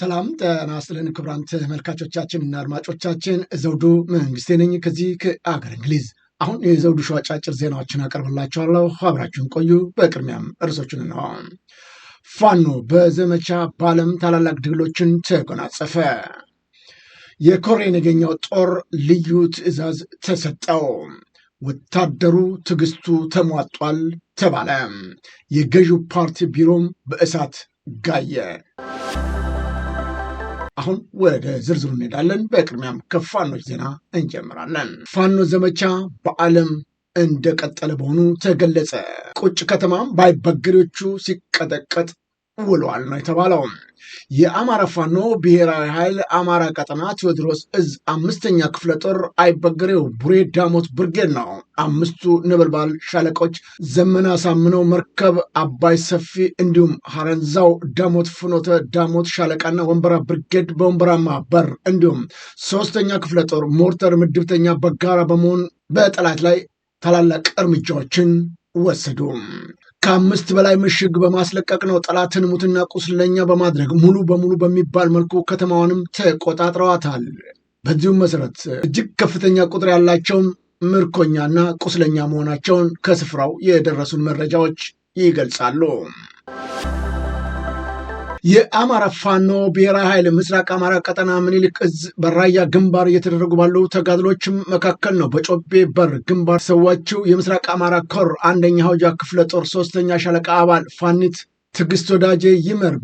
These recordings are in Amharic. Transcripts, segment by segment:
ሰላም ጤና ይስጥልን ክቡራን ተመልካቾቻችን እና አድማጮቻችን፣ ዘውዱ መንግስቴ ነኝ ከዚህ ከአገር እንግሊዝ። አሁን የዘውዱ ሾው አጫጭር ዜናዎችን አቀርብላችኋለሁ፣ አብራችሁን ቆዩ። በቅድሚያም እርሶችን ነው። ፋኖ በዘመቻ በዓለም ታላላቅ ድሎችን ተጎናጸፈ። የኮሬ ነገኛው ጦር ልዩ ትዕዛዝ ተሰጠው። ወታደሩ ትዕግስቱ ተሟጧል ተባለ። የገዢው ፓርቲ ቢሮም በእሳት ጋየ። አሁን ወደ ዝርዝሩ እንሄዳለን። በቅድሚያም ከፋኖች ዜና እንጀምራለን። ፋኖ ዘመቻ በዓለም እንደቀጠለ መሆኑ ተገለጸ። ቁጭ ከተማም በአይበገሬዎቹ ሲቀጠቀጥ ውሏል ነው የተባለው። የአማራ ፋኖ ብሔራዊ ኃይል አማራ ቀጠና ቴዎድሮስ እዝ አምስተኛ ክፍለ ጦር አይበገሬው ቡሬ ዳሞት ብርጌድ ነው። አምስቱ ነበልባል ሻለቆች ዘመና ሳምነው መርከብ፣ አባይ ሰፊ እንዲሁም ሀረንዛው ዳሞት ፍኖተ ዳሞት ሻለቃና ወንበራ ብርጌድ በወንበራማ በር እንዲሁም ሶስተኛ ክፍለ ጦር ሞርተር ምድብተኛ በጋራ በመሆን በጠላት ላይ ታላላቅ እርምጃዎችን ወሰዱ። ከአምስት በላይ ምሽግ በማስለቀቅ ነው ጠላትን ሙትና ቁስለኛ በማድረግ ሙሉ በሙሉ በሚባል መልኩ ከተማዋንም ተቆጣጥረዋታል። በዚሁም መሰረት እጅግ ከፍተኛ ቁጥር ያላቸውም ምርኮኛና ቁስለኛ መሆናቸውን ከስፍራው የደረሱን መረጃዎች ይገልጻሉ። የአማራ ፋኖ ብሔራዊ ኃይል ምስራቅ አማራ ቀጠና ምኒልክ እዝ በራያ ግንባር እየተደረጉ ባሉ ተጋድሎች መካከል ነው። በጮቤ በር ግንባር ሰዋችው የምስራቅ አማራ ኮር አንደኛ ሀውጃ ክፍለ ጦር ሶስተኛ ሻለቃ አባል ፋኒት ትግስት ወዳጄ ይመር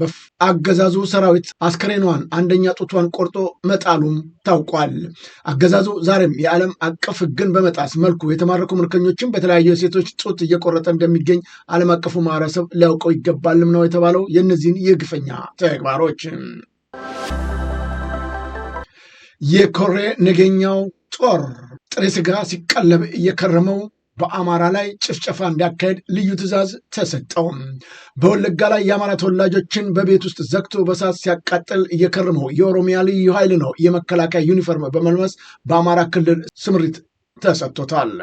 አገዛዙ ሰራዊት አስከሬኗን አንደኛ ጡቷን ቆርጦ መጣሉም ታውቋል። አገዛዙ ዛሬም የዓለም አቀፍ ሕግን በመጣስ መልኩ የተማረኩ ምርኮኞችን በተለያዩ የሴቶች ጡት እየቆረጠ እንደሚገኝ ዓለም አቀፉ ማህበረሰብ ሊያውቀው ይገባልም ነው የተባለው የእነዚህን የግፈኛ ተግባሮች የኮሬ ነገኛው ጦር ጥሬ ስጋ ሲቀለብ እየከረመው በአማራ ላይ ጭፍጨፋ እንዲያካሄድ ልዩ ትዕዛዝ ተሰጠው። በወለጋ ላይ የአማራ ተወላጆችን በቤት ውስጥ ዘግቶ በሳት ሲያቃጥል እየከረመው የኦሮሚያ ልዩ ኃይል ነው የመከላከያ ዩኒፎርም በመልበስ በአማራ ክልል ስምሪት ተሰጥቶታል።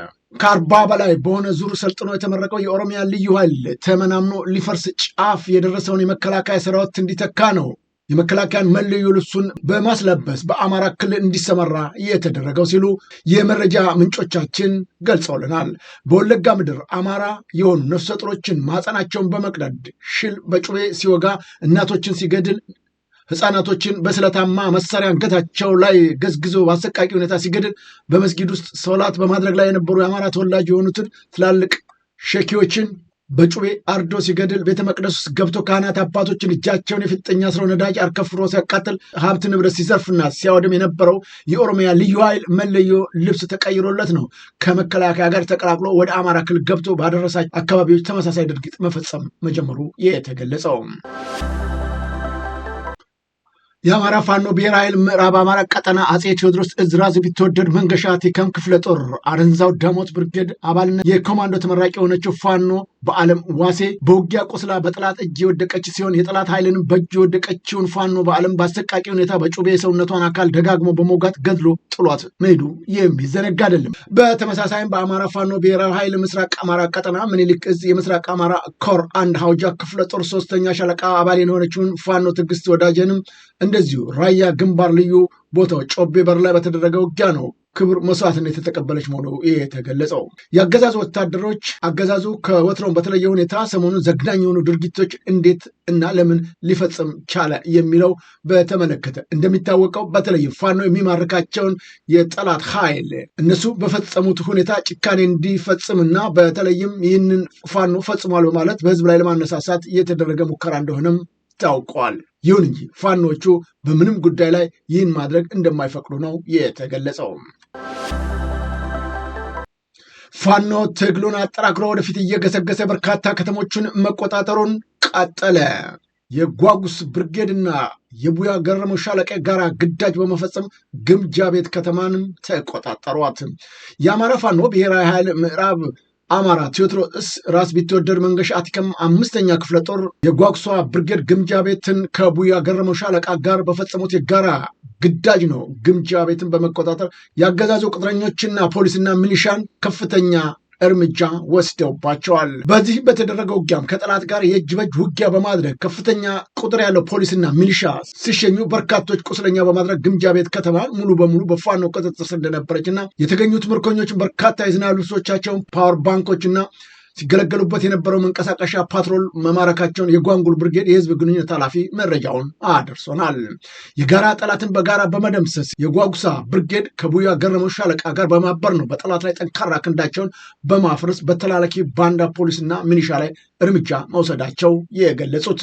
ከአርባ በላይ በሆነ ዙር ሰልጥኖ የተመረቀው የኦሮሚያ ልዩ ኃይል ተመናምኖ ሊፈርስ ጫፍ የደረሰውን የመከላከያ ሰራዊት እንዲተካ ነው የመከላከያን መለዮ ልብሱን በማስለበስ በአማራ ክልል እንዲሰማራ የተደረገው ሲሉ የመረጃ ምንጮቻችን ገልጸውልናል። በወለጋ ምድር አማራ የሆኑ ነፍሰ ጡሮችን ማህፀናቸውን በመቅደድ ሽል በጩቤ ሲወጋ፣ እናቶችን ሲገድል፣ ህፃናቶችን በስለታማ መሳሪያ አንገታቸው ላይ ገዝግዞ በአሰቃቂ ሁኔታ ሲገድል፣ በመስጊድ ውስጥ ሰላት በማድረግ ላይ የነበሩ የአማራ ተወላጅ የሆኑትን ትላልቅ ሸኪዎችን በጩቤ አርዶ ሲገድል ቤተ መቅደስ ውስጥ ገብቶ ካህናት አባቶችን እጃቸውን የፍጠኛ ስረው ነዳጅ አርከፍሮ ሲያቃጥል ሀብት ንብረት ሲዘርፍና ሲያወድም የነበረው የኦሮሚያ ልዩ ኃይል መለዮ ልብስ ተቀይሮለት ነው ከመከላከያ ጋር ተቀላቅሎ ወደ አማራ ክልል ገብቶ ባደረሳቸው አካባቢዎች ተመሳሳይ ድርጊት መፈጸም መጀመሩ የተገለጸው። የአማራ ፋኖ ብሔራዊ ኃይል ምዕራብ አማራ ቀጠና አጼ ቴዎድሮስ እዝራዝ ቢትወደድ መንገሻ ቴከም ክፍለ ጦር አረንዛው ዳሞት ብርጌድ አባልነት የኮማንዶ ተመራቂ የሆነችው ፋኖ በዓለም ዋሴ በውጊያ ቆስላ በጠላት እጅ የወደቀች ሲሆን የጠላት ኃይልንም በእጅ የወደቀችውን ፋኖ በዓለም በአሰቃቂ ሁኔታ በጩቤ የሰውነቷን አካል ደጋግሞ በመውጋት ገድሎ ጥሏት መሄዱ የሚዘነጋ አይደለም። በተመሳሳይም በአማራ ፋኖ ብሔራዊ ኃይል ምስራቅ አማራ ቀጠና ምኒልክ እዝ የምስራቅ አማራ ኮር አንድ ሀውጃ ክፍለ ጦር ሶስተኛ ሻለቃ አባል የሆነችውን ፋኖ ትግስት ወዳጀንም እንደዚሁ ራያ ግንባር ልዩ ቦታው ጮቤ በር ላይ በተደረገ ውጊያ ነው ክቡር መስዋዕትነት የተቀበለች መሆኑ የተገለጸው የአገዛዙ ወታደሮች አገዛዙ ከወትሮውን በተለየ ሁኔታ ሰሞኑን ዘግናኝ የሆኑ ድርጊቶች እንዴት እና ለምን ሊፈጽም ቻለ የሚለው በተመለከተ እንደሚታወቀው በተለይ ፋኖ የሚማርካቸውን የጠላት ኃይል እነሱ በፈጸሙት ሁኔታ ጭካኔ እንዲፈጽምና በተለይም ይህንን ፋኖ ፈጽሟል በማለት በህዝብ ላይ ለማነሳሳት የተደረገ ሙከራ እንደሆነም ታውቋል። ይሁን እንጂ ፋኖቹ በምንም ጉዳይ ላይ ይህን ማድረግ እንደማይፈቅዱ ነው የተገለጸው። ፋኖ ትግሉን አጠራክሮ ወደፊት እየገሰገሰ በርካታ ከተሞችን መቆጣጠሩን ቀጠለ። የጓጉስ ብርጌድና የቡያ ገረመው ሻለቃ ጋራ ግዳጅ በመፈጸም ግምጃ ቤት ከተማንም ተቆጣጠሯት። የአማራ ፋኖ ብሔራዊ ኃይል ምዕራብ አማራ ቴዎድሮስ ራስ ቢትወደድ መንገሻ አቲከም አምስተኛ ክፍለ ጦር የጓጉሷ ብርጌድ ግምጃ ቤትን ከቡያ ገረመው ሻለቃ ጋር በፈጸሙት የጋራ ግዳጅ ነው። ግምጃ ቤትን በመቆጣጠር ያገዛዙ ቅጥረኞችና ፖሊስና ሚሊሻን ከፍተኛ እርምጃ ወስደውባቸዋል። በዚህ በተደረገው ውጊያም ከጠላት ጋር የእጅ በእጅ ውጊያ በማድረግ ከፍተኛ ቁጥር ያለው ፖሊስና ሚሊሻ ሲሸኙ በርካቶች ቁስለኛ በማድረግ ግምጃ ቤት ከተማ ሙሉ በሙሉ በፋኖ ቁጥጥር ስር እንደነበረች እና የተገኙት በርካታ የዝናብ ልብሶቻቸውን፣ ፓወር ባንኮችና ሲገለገሉበት የነበረው መንቀሳቀሻ ፓትሮል መማረካቸውን የጓንጉል ብርጌድ የህዝብ ግንኙነት ኃላፊ መረጃውን አድርሶናል። የጋራ ጠላትን በጋራ በመደምሰስ የጓጉሳ ብርጌድ ከቡያ ገረመው ሻለቃ ጋር በማበር ነው በጠላት ላይ ጠንካራ ክንዳቸውን በማፍረስ በተላላኪ ባንዳ ፖሊስና ሚኒሻ ላይ እርምጃ መውሰዳቸው የገለጹት።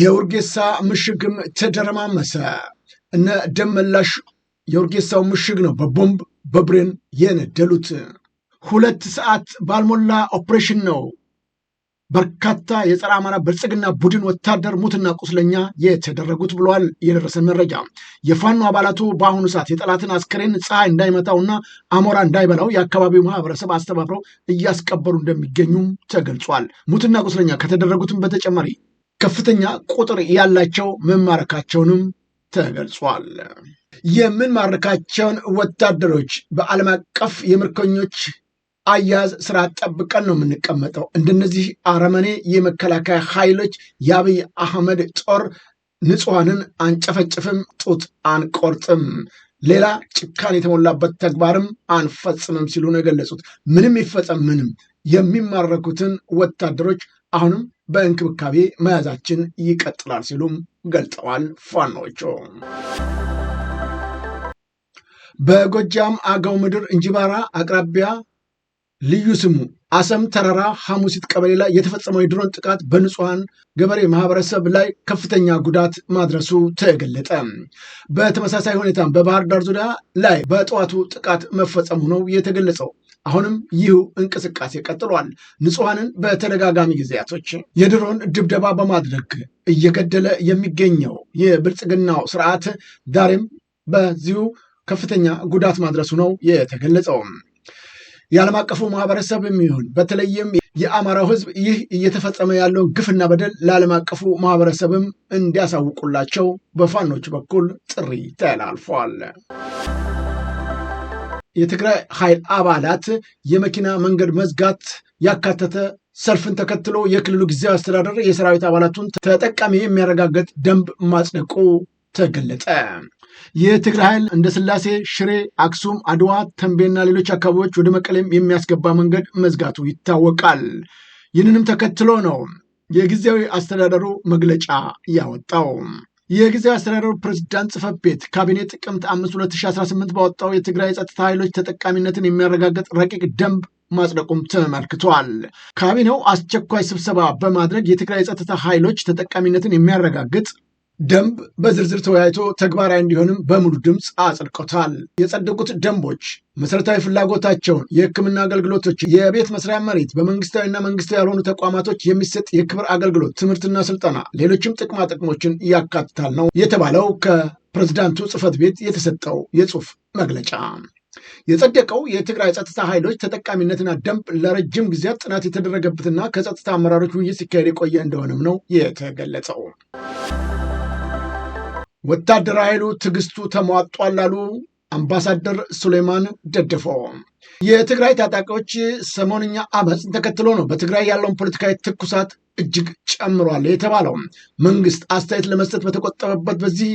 የውርጌሳ ምሽግም ተደረማመሰ። እነ ደመላሽ የውርጌሳው ምሽግ ነው በቦምብ በብሬን የነደሉት። ሁለት ሰዓት ባልሞላ ኦፕሬሽን ነው በርካታ የጸረ አማራ ብልጽግና ቡድን ወታደር ሙትና ቁስለኛ የተደረጉት ብለዋል የደረሰን መረጃ። የፋኖ አባላቱ በአሁኑ ሰዓት የጠላትን አስክሬን ፀሐይ እንዳይመታውና አሞራ እንዳይበላው የአካባቢው ማህበረሰብ አስተባብረው እያስቀበሩ እንደሚገኙም ተገልጿል። ሙትና ቁስለኛ ከተደረጉትም በተጨማሪ ከፍተኛ ቁጥር ያላቸው መማረካቸውንም ተገልጿል። የምንማርካቸውን ወታደሮች በዓለም አቀፍ የምርኮኞች አያያዝ ስራ ጠብቀን ነው የምንቀመጠው። እንደነዚህ አረመኔ የመከላከያ ኃይሎች የአብይ አህመድ ጦር ንጹሐንን አንጨፈጭፍም፣ ጡት አንቆርጥም፣ ሌላ ጭካን የተሞላበት ተግባርም አንፈጽምም ሲሉ ነው የገለጹት። ምንም ይፈጸም ምንም የሚማረኩትን ወታደሮች አሁንም በእንክብካቤ መያዛችን ይቀጥላል ሲሉም ገልጠዋል። ፋኖቹ በጎጃም አገው ምድር እንጅባራ አቅራቢያ ልዩ ስሙ አሰም ተራራ ሐሙሲት ቀበሌ ላይ የተፈጸመው የድሮን ጥቃት በንጹሐን ገበሬ ማህበረሰብ ላይ ከፍተኛ ጉዳት ማድረሱ ተገለጠ። በተመሳሳይ ሁኔታም በባህር ዳር ዙሪያ ላይ በጠዋቱ ጥቃት መፈጸሙ ነው የተገለጸው። አሁንም ይህ እንቅስቃሴ ቀጥሏል። ንጹሐንን በተደጋጋሚ ጊዜያቶች የድሮን ድብደባ በማድረግ እየገደለ የሚገኘው የብልጽግናው ስርዓት ዛሬም በዚሁ ከፍተኛ ጉዳት ማድረሱ ነው የተገለጸው። የዓለም አቀፉ ማህበረሰብ የሚሆን በተለይም የአማራው ህዝብ ይህ እየተፈጸመ ያለውን ግፍና በደል ለዓለም አቀፉ ማህበረሰብም እንዲያሳውቁላቸው በፋኖች በኩል ጥሪ ተላልፏል። የትግራይ ኃይል አባላት የመኪና መንገድ መዝጋት ያካተተ ሰልፍን ተከትሎ የክልሉ ጊዜያዊ አስተዳደር የሰራዊት አባላቱን ተጠቃሚ የሚያረጋግጥ ደንብ ማጽደቁ ተገለጠ። የትግራይ ኃይል እንደ ስላሴ፣ ሽሬ፣ አክሱም፣ አድዋ፣ ተንቤና ሌሎች አካባቢዎች ወደ መቀሌም የሚያስገባ መንገድ መዝጋቱ ይታወቃል። ይህንንም ተከትሎ ነው የጊዜያዊ አስተዳደሩ መግለጫ ያወጣው። የጊዜያዊ አስተዳደሩ ፕሬዝዳንት ጽህፈት ቤት ካቢኔ ጥቅምት 5 2018 ባወጣው የትግራይ የጸጥታ ኃይሎች ተጠቃሚነትን የሚያረጋግጥ ረቂቅ ደንብ ማጽደቁም ተመልክቷል። ካቢኔው አስቸኳይ ስብሰባ በማድረግ የትግራይ የጸጥታ ኃይሎች ተጠቃሚነትን የሚያረጋግጥ ደንብ በዝርዝር ተወያይቶ ተግባራዊ እንዲሆንም በሙሉ ድምፅ አጽድቆታል። የጸደቁት ደንቦች መሰረታዊ ፍላጎታቸውን የሕክምና አገልግሎቶች፣ የቤት መስሪያ መሬት፣ በመንግስታዊና መንግስታዊ ያልሆኑ ተቋማቶች የሚሰጥ የክብር አገልግሎት፣ ትምህርትና ስልጠና፣ ሌሎችም ጥቅማ ጥቅሞችን ያካትታል ነው የተባለው ከፕሬዝዳንቱ ጽህፈት ቤት የተሰጠው የጽሁፍ መግለጫ። የጸደቀው የትግራይ ጸጥታ ኃይሎች ተጠቃሚነትና ደንብ ለረጅም ጊዜያት ጥናት የተደረገበትና ከጸጥታ አመራሮች ውይይት ሲካሄድ የቆየ እንደሆነም ነው የተገለጸው። ወታደራዊ ኃይሉ ትዕግስቱ ተሟጧል አሉ አምባሳደር ሱሌማን ደደፎ። የትግራይ ታጣቂዎች ሰሞንኛ አመፅን ተከትሎ ነው በትግራይ ያለውን ፖለቲካዊ ትኩሳት እጅግ ጨምሯል የተባለው። መንግስት አስተያየት ለመስጠት በተቆጠበበት በዚህ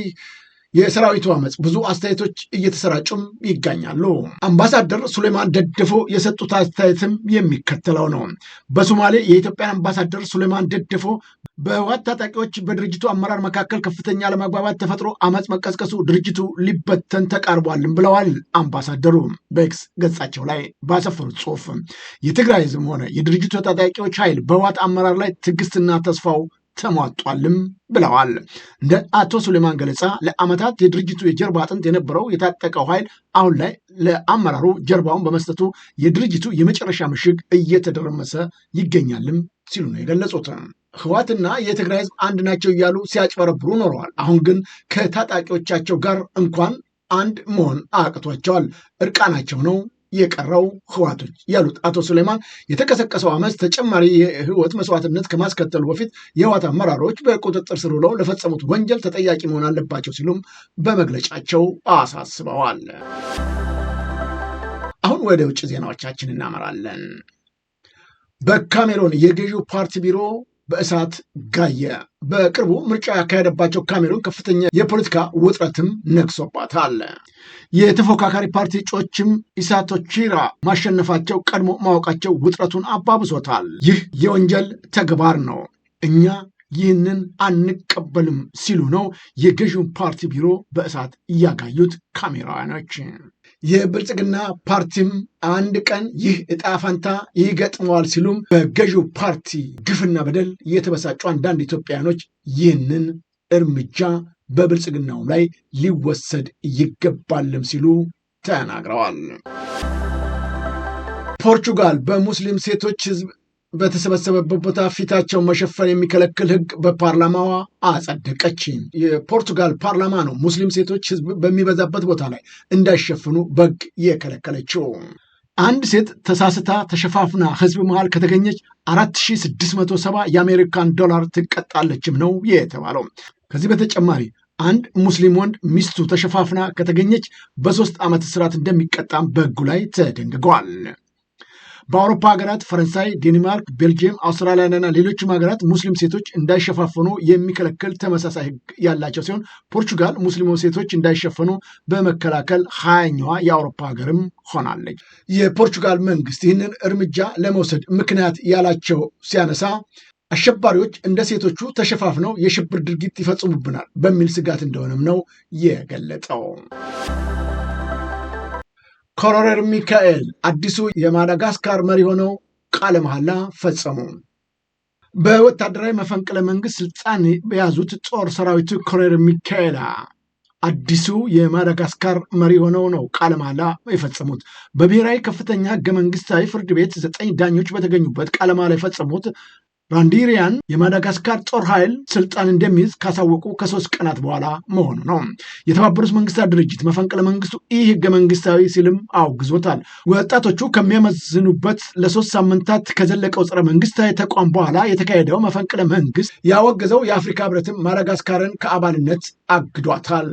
የሰራዊቱ አመፅ ብዙ አስተያየቶች እየተሰራጩም ይገኛሉ። አምባሳደር ሱሌማን ደደፎ የሰጡት አስተያየትም የሚከተለው ነው። በሶማሌ የኢትዮጵያን አምባሳደር ሱሌማን ደደፎ በህወሓት ታጣቂዎች በድርጅቱ አመራር መካከል ከፍተኛ አለመግባባት ተፈጥሮ አመፅ መቀስቀሱ ድርጅቱ ሊበተን ተቃርቧልም ብለዋል። አምባሳደሩ በኤክስ ገጻቸው ላይ ባሰፈሩት ጽሁፍ የትግራይ ህዝብም ሆነ የድርጅቱ ታጣቂዎች ኃይል በህወሓት አመራር ላይ ትዕግስትና ተስፋው ተሟጧልም ብለዋል። እንደ አቶ ሱሌማን ገለጻ ለአመታት የድርጅቱ የጀርባ አጥንት የነበረው የታጠቀው ኃይል አሁን ላይ ለአመራሩ ጀርባውን በመስጠቱ የድርጅቱ የመጨረሻ ምሽግ እየተደረመሰ ይገኛልም ሲሉ ነው የገለጹት። ህዋትና የትግራይ ህዝብ አንድ ናቸው እያሉ ሲያጭበረብሩ ኖረዋል። አሁን ግን ከታጣቂዎቻቸው ጋር እንኳን አንድ መሆን አቅቷቸዋል። እርቃናቸው ነው የቀረው ህዋቶች ያሉት አቶ ሱሌማን የተቀሰቀሰው አመፅ ተጨማሪ የህይወት መስዋዕትነት ከማስከተሉ በፊት የህዋት አመራሮች በቁጥጥር ስር ውለው ለፈጸሙት ወንጀል ተጠያቂ መሆን አለባቸው ሲሉም በመግለጫቸው አሳስበዋል። አሁን ወደ ውጭ ዜናዎቻችን እናመራለን። በካሜሮን የገዢው ፓርቲ ቢሮ በእሳት ጋየ። በቅርቡ ምርጫ ያካሄደባቸው ካሜሩን ከፍተኛ የፖለቲካ ውጥረትም ነግሶባታል። የተፎካካሪ ፓርቲ እጩዎችም ኢሳቶቺራ ማሸነፋቸው ቀድሞ ማወቃቸው ውጥረቱን አባብሶታል። ይህ የወንጀል ተግባር ነው፣ እኛ ይህንን አንቀበልም ሲሉ ነው የገዢውን ፓርቲ ቢሮ በእሳት እያጋዩት ካሜራውያኖች። የብልጽግና ፓርቲም አንድ ቀን ይህ እጣ ፈንታ ይገጥመዋል ሲሉም በገዢው ፓርቲ ግፍና በደል የተበሳጩ አንዳንድ ኢትዮጵያውያኖች ይህንን እርምጃ በብልጽግናውም ላይ ሊወሰድ ይገባልም ሲሉ ተናግረዋል። ፖርቹጋል በሙስሊም ሴቶች ህዝብ በተሰበሰበበት ቦታ ፊታቸውን መሸፈን የሚከለክል ህግ በፓርላማዋ አጸደቀች። የፖርቱጋል ፓርላማ ነው ሙስሊም ሴቶች ህዝብ በሚበዛበት ቦታ ላይ እንዳይሸፍኑ በግ የከለከለችው። አንድ ሴት ተሳስታ ተሸፋፍና ህዝብ መሃል ከተገኘች 4670 የአሜሪካን ዶላር ትቀጣለችም ነው የተባለው። ከዚህ በተጨማሪ አንድ ሙስሊም ወንድ ሚስቱ ተሸፋፍና ከተገኘች በሶስት ዓመት እስራት እንደሚቀጣም በጉ ላይ ተደንግጓል። በአውሮፓ ሀገራት ፈረንሳይ፣ ዴንማርክ፣ ቤልጅየም፣ አውስትራሊያና ሌሎችም ሀገራት ሙስሊም ሴቶች እንዳይሸፋፈኑ የሚከለክል ተመሳሳይ ህግ ያላቸው ሲሆን ፖርቹጋል ሙስሊም ሴቶች እንዳይሸፈኑ በመከላከል ሀያኛዋ የአውሮፓ ሀገርም ሆናለች። የፖርቹጋል መንግስት ይህንን እርምጃ ለመውሰድ ምክንያት ያላቸው ሲያነሳ አሸባሪዎች እንደ ሴቶቹ ተሸፋፍነው የሽብር ድርጊት ይፈጽሙብናል በሚል ስጋት እንደሆነም ነው የገለጠው። ኮሎኔል ሚካኤል አዲሱ የማዳጋስካር መሪ ሆነው ቃለ መሐላ ፈጸሙ። በወታደራዊ መፈንቅለ መንግስት ስልጣን የያዙት ጦር ሰራዊቱ ኮሎኔል ሚካኤል አዲሱ የማዳጋስካር መሪ ሆነው ነው ቃለ መሐላ የፈጸሙት። በብሔራዊ ከፍተኛ ህገ መንግስታዊ ፍርድ ቤት ዘጠኝ ዳኞች በተገኙበት ቃለ መሐላ የፈጸሙት ባንዲሪያን የማዳጋስካር ጦር ኃይል ስልጣን እንደሚይዝ ካሳወቁ ከሶስት ቀናት በኋላ መሆኑ ነው። የተባበሩት መንግስታት ድርጅት መፈንቅለ መንግስቱ ይህ ህገ መንግስታዊ ሲልም አውግዞታል። ወጣቶቹ ከሚያመዝኑበት ለሶስት ሳምንታት ከዘለቀው ጸረ መንግስታዊ ተቋም በኋላ የተካሄደው መፈንቅለ መንግስት ያወገዘው የአፍሪካ ህብረትም ማዳጋስካርን ከአባልነት አግዷታል።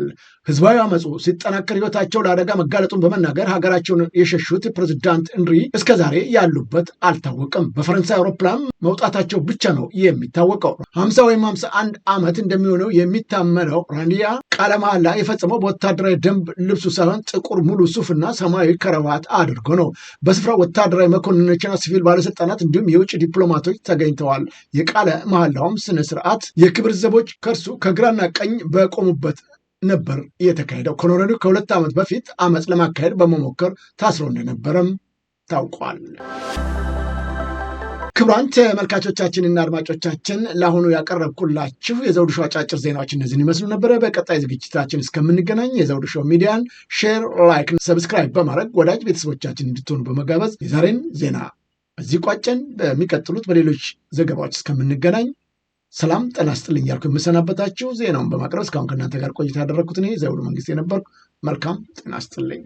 ህዝባዊ አመፁ ሲጠናከር ህይወታቸው ለአደጋ መጋለጡን በመናገር ሀገራቸውን የሸሹት ፕሬዚዳንት እንሪ እስከዛሬ ያሉበት አልታወቅም። በፈረንሳይ አውሮፕላን መውጣታቸው ብቻ ነው የሚታወቀው። ሀምሳ ወይም ሀምሳ አንድ ዓመት እንደሚሆነው የሚታመነው ራንዲያ ቃለ መሃላ የፈጸመው በወታደራዊ ደንብ ልብሱ ሳይሆን ጥቁር ሙሉ ሱፍና ሰማያዊ ከረባት አድርጎ ነው። በስፍራው ወታደራዊ መኮንኖችና ሲቪል ባለስልጣናት እንዲሁም የውጭ ዲፕሎማቶች ተገኝተዋል። የቃለ መሃላውም ስነስርዓት የክብር ዘቦች ከእርሱ ከግራና ቀኝ በቆሙበት ነበር የተካሄደው። ኮሎራዶ ከሁለት ዓመት በፊት አመፅ ለማካሄድ በመሞከር ታስሮ እንደነበረም ታውቋል። ክቡራን ተመልካቾቻችንና አድማጮቻችን ለአሁኑ ያቀረብኩላችሁ የዘውዱ ሾው አጫጭር ዜናዎች እነዚህን ይመስሉ ነበረ። በቀጣይ ዝግጅታችን እስከምንገናኝ የዘውዱ ሾው ሚዲያን ሼር፣ ላይክ፣ ሰብስክራይብ በማድረግ ወዳጅ ቤተሰቦቻችን እንድትሆኑ በመጋበዝ የዛሬን ዜና እዚህ ቋጨን። በሚቀጥሉት በሌሎች ዘገባዎች እስከምንገናኝ ሰላም ጤና ይስጥልኝ እያልኩ የምሰናበታችሁ ዜናውን በማቅረብ እስካሁን ከእናንተ ጋር ቆይታ ያደረግኩት እኔ ዘውዱ መንግስት የነበርኩ መልካም ጤና ስጥልኝ።